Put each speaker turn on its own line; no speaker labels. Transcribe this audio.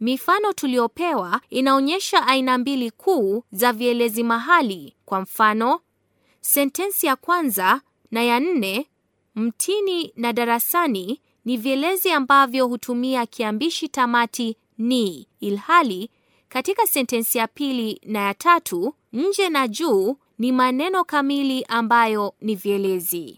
Mifano tuliopewa inaonyesha aina mbili kuu za vielezi mahali. Kwa mfano, sentensi ya kwanza na ya nne, mtini na darasani, ni vielezi ambavyo hutumia kiambishi tamati ni, ilhali katika sentensi ya pili na ya tatu, nje na juu ni maneno kamili ambayo ni vielezi.